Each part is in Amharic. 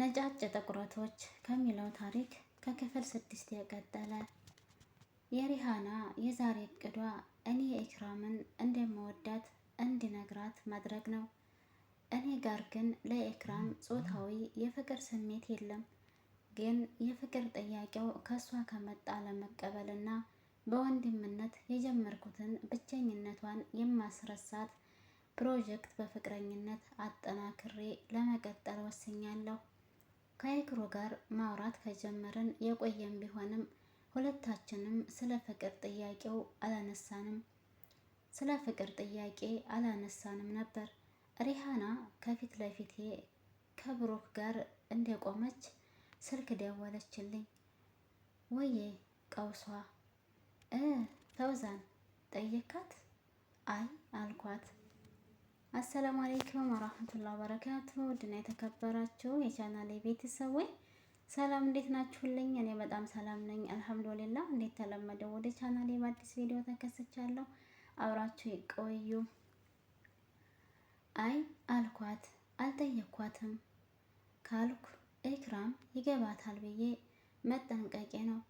ነጫጭ ጥቁረቶች ከሚለው ታሪክ ከክፍል ስድስት የቀጠለ። የሪሃና የዛሬ እቅዷ እኔ ኤክራምን እንደምወዳት እንዲነግራት ማድረግ ነው። እኔ ጋር ግን ለኤክራም ጾታዊ የፍቅር ስሜት የለም። ግን የፍቅር ጥያቄው ከእሷ ከመጣ ለመቀበልና በወንድምነት የጀመርኩትን ብቸኝነቷን የማስረሳት ፕሮጀክት በፍቅረኝነት አጠናክሬ ለመቀጠል ወስኛለሁ። ከአይክሮ ጋር ማውራት ከጀመርን የቆየም ቢሆንም ሁለታችንም ስለ ፍቅር ጥያቄው አላነሳንም ስለ ፍቅር ጥያቄ አላነሳንም ነበር። ሪሃና ከፊት ለፊቴ ከብሩክ ጋር እንደቆመች ስልክ ደወለችልኝ። ወዬ ቀውሷ እ ፈውዛን ጠየካት? አይ አልኳት። አሰላሙ አለይኩም ወራህመቱላሂ ወበረካቱ። ውድና የተከበራችሁ የቻናሌ ቤተሰቦች ሰላም እንዴት ናችሁልኝ? እኔ በጣም ሰላም ነኝ አልሐምዱሊላህ። እንዴት ተለመደው ወደ ቻናሌ በአዲስ ቪዲዮ ተከስቻለሁ። አብራችሁ ይቆዩ። አይ አልኳት አልጠየኳትም ካልኩ ኢክራም ይገባታል ብዬ መጠንቀቄ ነው።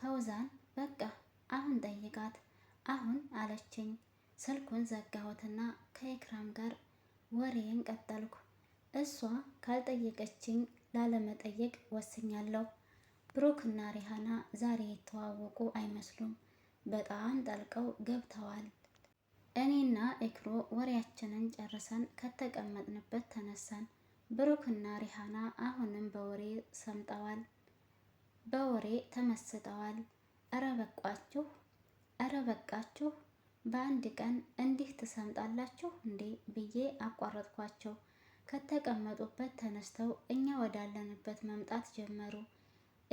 ፈውዛን በቃ አሁን ጠይቃት አሁን አለችኝ። ስልኩን ዘጋሁትና ከኤክራም ጋር ወሬን ቀጠልኩ። እሷ ካልጠየቀችኝ ላለመጠየቅ ወስኛለሁ። ብሩክና ሪሃና ዛሬ የተዋወቁ አይመስሉም። በጣም ጠልቀው ገብተዋል። እኔና ኤክሮ ወሬያችንን ጨርሰን ከተቀመጥንበት ተነሳን። ብሩክና ሪሃና አሁንም በወሬ ሰምጠዋል። በወሬ ተመስጠዋል። እረ በቃችሁ፣ እረ በቃችሁ በአንድ ቀን እንዲህ ትሰምጣላችሁ እንዴ ብዬ አቋረጥኳቸው። ከተቀመጡበት ተነስተው እኛ ወዳለንበት መምጣት ጀመሩ።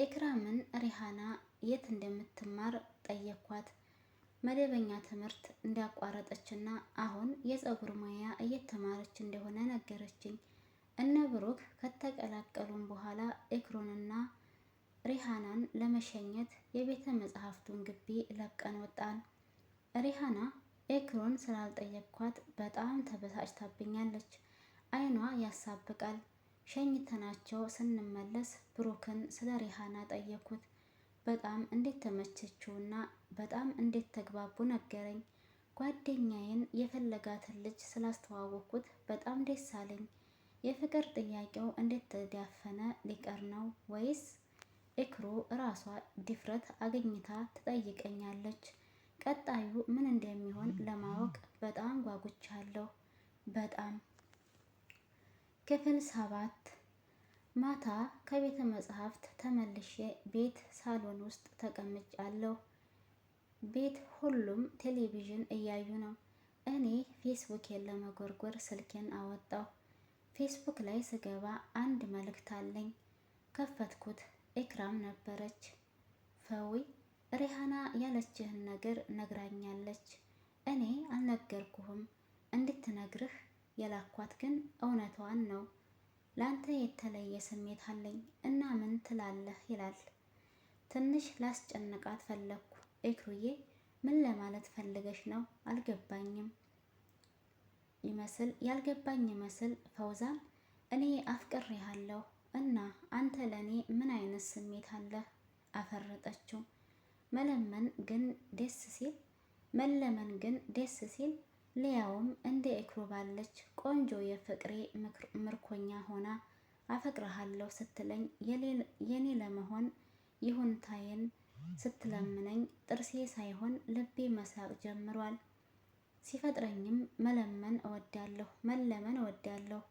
ኤክራምን ሪሃና የት እንደምትማር ጠየኳት። መደበኛ ትምህርት እንዳቋረጠችና አሁን የፀጉር ሙያ እየተማረች እንደሆነ ነገረችኝ። እነ ብሩክ ከተቀላቀሉም በኋላ ኤክሮንና ሪሃናን ለመሸኘት የቤተ መጽሐፍቱን ግቢ ለቀን ወጣን። ሪሃና ኤክሮን ስላልጠየቅኳት በጣም ተበሳጭታብኛለች። አይኗ ያሳብቃል። ሸኝተናቸው ስንመለስ ብሩክን ስለ ሪሃና ጠየኩት። በጣም እንዴት ተመቸችውና በጣም እንዴት ተግባቡ ነገረኝ። ጓደኛዬን የፈለጋትን ልጅ ስላስተዋወቅኩት በጣም ደስ አለኝ። የፍቅር ጥያቄው እንዴት ተዳፈነ? ሊቀር ነው ወይስ ኤክሮ እራሷ ድፍረት አግኝታ ትጠይቀኛለች? ቀጣዩ ምን እንደሚሆን ለማወቅ በጣም ጓጉቻለሁ። በጣም ክፍል ሰባት ማታ ከቤተ መጽሐፍት ተመልሼ ቤት ሳሎን ውስጥ ተቀምጫለሁ። ቤት ሁሉም ቴሌቪዥን እያዩ ነው። እኔ ፌስቡኬን ለመጎርጎር ስልኬን አወጣሁ። ፌስቡክ ላይ ስገባ አንድ መልእክት አለኝ። ከፈትኩት። ኤክራም ነበረች። ፈዊ ሪሃና ያለችህን ነገር ነግራኛለች። እኔ አልነገርኩህም። እንድትነግርህ የላኳት ግን እውነቷን ነው። ለአንተ የተለየ ስሜት አለኝ እና ምን ትላለህ ይላል። ትንሽ ላስጨንቃት ፈለግኩ። ኤክሩዬ ምን ለማለት ፈልገሽ ነው? አልገባኝም ይመስል ያልገባኝ ይመስል ፈውዛን እኔ አፍቅሬሃለሁ እና አንተ ለእኔ ምን አይነት ስሜት አለህ? አፈረጠችው። መለመን ግን ደስ ሲል መለመን ግን ደስ ሲል ሊያውም እንደ ኤክሮ ባለች ቆንጆ የፍቅሬ ምርኮኛ ሆና አፈቅረሃለሁ ስትለኝ የኔ ለመሆን ይሁንታዬን ስትለምነኝ ጥርሴ ሳይሆን ልቤ መሳቅ ጀምሯል። ሲፈጥረኝም መለመን እወዳለሁ መለመን እወዳለሁ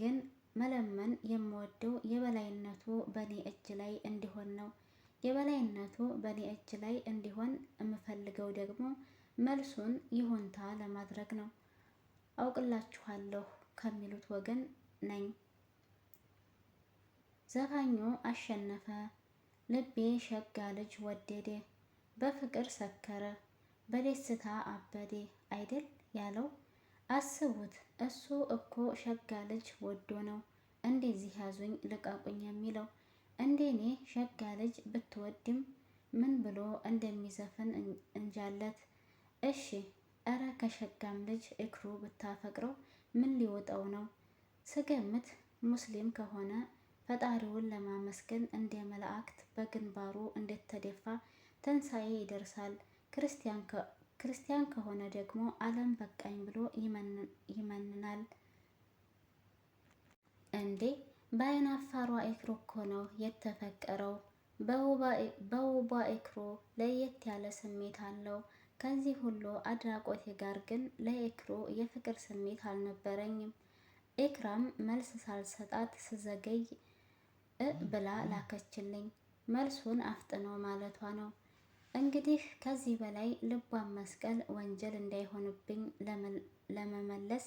ግን መለመን የምወደው የበላይነቱ በእኔ እጅ ላይ እንዲሆን ነው። የበላይነቱ በእኔ እጅ ላይ እንዲሆን የምፈልገው ደግሞ መልሱን ይሁንታ ለማድረግ ነው። አውቅላችኋለሁ ከሚሉት ወገን ነኝ። ዘፋኙ አሸነፈ። ልቤ ሸጋ ልጅ ወደዴ፣ በፍቅር ሰከረ፣ በደስታ አበዴ አይደል ያለው። አስቡት እሱ እኮ ሸጋ ልጅ ወዶ ነው እንደዚህ ያዙኝ ልቀቁኝ የሚለው። እንደኔ ሸጋ ልጅ ብትወድም ምን ብሎ እንደሚዘፍን እንጃለት። እሺ እረ ከሸጋም ልጅ እግሩ ብታፈቅረው ምን ሊወጣው ነው? ስገምት ሙስሊም ከሆነ ፈጣሪውን ለማመስገን እንደ መላእክት በግንባሩ እንደተደፋ ትንሣኤ ይደርሳል። ክርስቲያን ከሆነ ደግሞ ዓለም በቃኝ ብሎ ይመንናል። እንዴ በአይናፋሯ ኤክሮ እኮ ነው የተፈቀረው። በውቧ ኤክሮ ለየት ያለ ስሜት አለው። ከዚህ ሁሉ አድናቆቴ ጋር ግን ለኤክሮ የፍቅር ስሜት አልነበረኝም። ኢክራም መልስ ሳልሰጣት ስዘገይ እ ብላ ላከችልኝ። መልሱን አፍጥኖ ማለቷ ነው። እንግዲህ ከዚህ በላይ ልቧን መስቀል ወንጀል እንዳይሆንብኝ ለመመለስ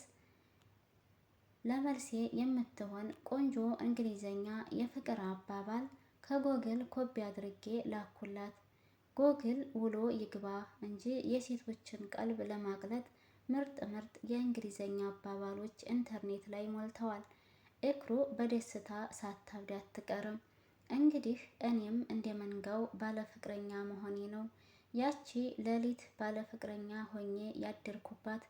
ለመልሴ የምትሆን ቆንጆ እንግሊዘኛ የፍቅር አባባል ከጎግል ኮፒ አድርጌ ላኩላት። ጎግል ውሎ ይግባ እንጂ የሴቶችን ቀልብ ለማቅለጥ ምርጥ ምርጥ የእንግሊዘኛ አባባሎች ኢንተርኔት ላይ ሞልተዋል። እክሩ በደስታ ሳታብድ አትቀርም። እንግዲህ እኔም እንደ መንጋው ባለፍቅረኛ መሆኔ ነው። ያቺ ሌሊት ባለፍቅረኛ ሆኜ ያደርኩባት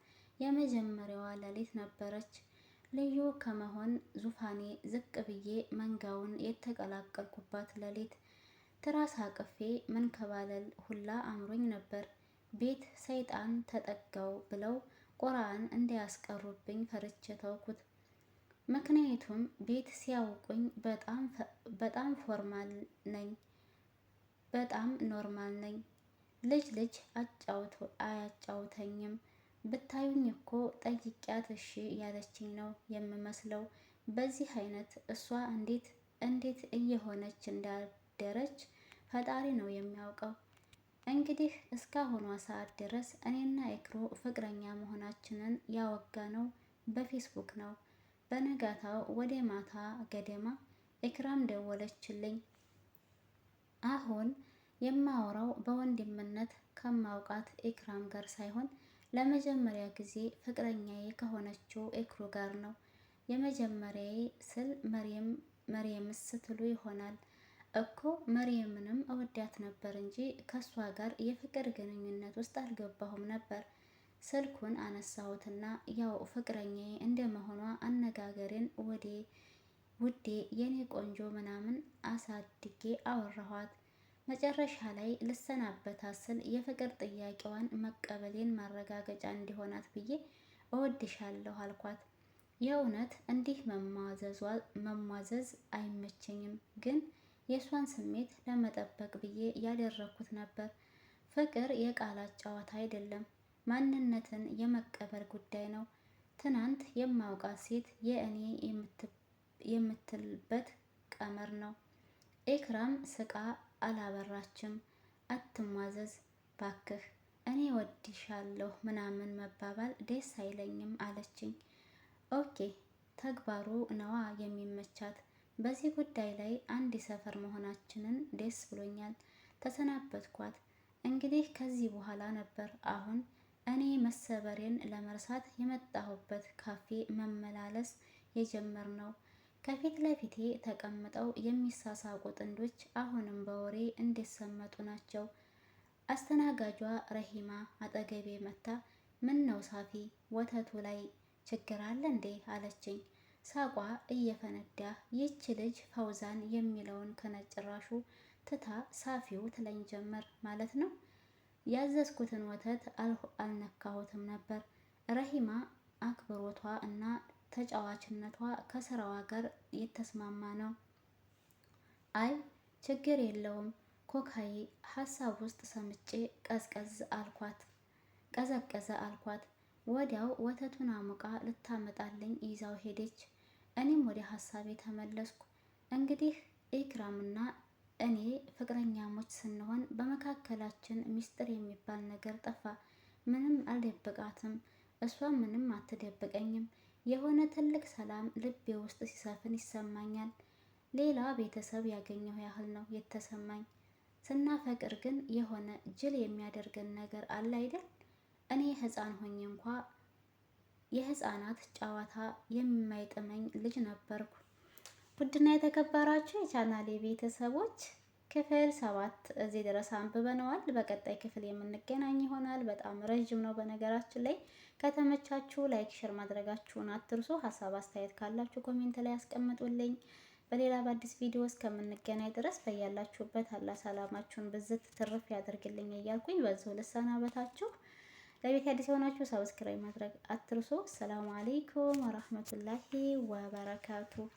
የመጀመሪያዋ ሌሊት ነበረች። ልዩ ከመሆን ዙፋኔ ዝቅ ብዬ መንጋውን የተቀላቀልኩባት ሌሊት ትራስ አቅፌ መንከባለል ሁላ አምሮኝ ነበር። ቤት ሰይጣን ተጠጋው ብለው ቁርአን እንዳያስቀሩብኝ ፈርቼ ተውኩት። ምክንያቱም ቤት ሲያውቁኝ በጣም ፎርማል ነኝ፣ በጣም ኖርማል ነኝ። ልጅ ልጅ አያጫውተኝም። ብታዩኝ እኮ ጠይቂያት እሺ ያለችኝ ነው የምመስለው። በዚህ አይነት እሷ እንዴት እንዴት እየሆነች እንዳደረች ፈጣሪ ነው የሚያውቀው። እንግዲህ እስካሁኗ ሰዓት ድረስ እኔና ኤክሮ ፍቅረኛ መሆናችንን ያወጋነው በፌስቡክ ነው። በነጋታው ወደ ማታ ገደማ ኤክራም ደወለችልኝ። አሁን የማወራው በወንድምነት ከማውቃት ኤክራም ጋር ሳይሆን ለመጀመሪያ ጊዜ ፍቅረኛዬ ከሆነችው ኤክሮ ጋር ነው። የመጀመሪያዬ ስል መሪየምስ ስትሉ ይሆናል እኮ መሪየምንም እወዳት ነበር እንጂ ከእሷ ጋር የፍቅር ግንኙነት ውስጥ አልገባሁም ነበር። ስልኩን አነሳሁትና ያው ፍቅረኛዬ እንደመሆኗ አነጋገሬን ወዴ ውዴ የኔ ቆንጆ ምናምን አሳድጌ አወራኋት። መጨረሻ ላይ ልሰናበት ስል የፍቅር ጥያቄዋን መቀበሌን ማረጋገጫ እንዲሆናት ብዬ እወድሻለሁ አልኳት። የእውነት እንዲህ መሟዘዝ አይመቸኝም፣ ግን የእሷን ስሜት ለመጠበቅ ብዬ ያደረኩት ነበር። ፍቅር የቃላት ጨዋታ አይደለም፣ ማንነትን የመቀበል ጉዳይ ነው። ትናንት የማውቃት ሴት የእኔ የምትልበት ቀመር ነው። ኤክራም ስቃ አላበራችም፣ አትሟዘዝ ባክህ እኔ ወድሻለሁ ምናምን መባባል ደስ አይለኝም አለችኝ። ኦኬ ተግባሩ ነዋ የሚመቻት። በዚህ ጉዳይ ላይ አንድ ሰፈር መሆናችንን ደስ ብሎኛል። ተሰናበትኳት። እንግዲህ ከዚህ በኋላ ነበር አሁን እኔ መሰበሬን ለመርሳት የመጣሁበት ካፌ መመላለስ ነው። ከፊት ለፊቴ ተቀምጠው የሚሳሳቁ ጥንዶች አሁንም በወሬ እንደሰመጡ ናቸው። አስተናጋጇ ረሂማ አጠገቤ መታ፣ ምን ነው ሳፊ ወተቱ ላይ ችግር አለ እንዴ አለችኝ። ሳቋ እየፈነዳ ይች ልጅ ፈውዛን የሚለውን ከነጭራሹ ትታ ሳፊው ትለኝ ጀመር ማለት ነው። ያዘዝኩትን ወተት አልነካሁትም ነበር። ረሂማ አክብሮቷ እና ተጫዋችነቷ ከስራዋ ጋር የተስማማ ነው። አይ ችግር የለውም ኮካዬ ሀሳብ ውስጥ ሰምጬ ቀዝቀዝ አልኳት። ቀዘቀዘ አልኳት። ወዲያው ወተቱን አሙቃ ልታመጣልኝ ይዛው ሄደች። እኔም ወደ ሀሳቤ ተመለስኩ። እንግዲህ ኢክራምና እኔ ፍቅረኛሞች ስንሆን በመካከላችን ሚስጥር የሚባል ነገር ጠፋ። ምንም አልደብቃትም፣ እሷ ምንም አትደብቀኝም። የሆነ ትልቅ ሰላም ልቤ ውስጥ ሲሰፍን ይሰማኛል። ሌላ ቤተሰብ ያገኘሁ ያህል ነው የተሰማኝ። ስናፈቅር ግን የሆነ ጅል የሚያደርገን ነገር አለ አይደል? እኔ ሕፃን ሆኜ እንኳ የሕፃናት ጨዋታ የማይጥመኝ ልጅ ነበርኩ። ውድና የተከበራችሁ የቻናሌ ቤተሰቦች ክፍል ሰባት እዚህ ድረስ አንብበነዋል። በቀጣይ ክፍል የምንገናኝ ይሆናል። በጣም ረዥም ነው በነገራችን ላይ። ከተመቻችሁ ላይክ፣ ሼር ማድረጋችሁን አትርሱ። ሀሳብ አስተያየት ካላችሁ ኮሜንት ላይ አስቀምጡልኝ በሌላ በአዲስ ቪዲዮ እስከምንገናኝ ድረስ በያላችሁበት አላ ሰላማችሁን ብዝት ትርፍ ያደርግልኝ እያልኩኝ በዚሁ ልሰናበታችሁ። ለቤት አዲስ የሆናችሁ ሰብስክራይብ ማድረግ አትርሱ። ሰላም አሌይኩም ወረህመቱላሂ ወበረካቱሁ።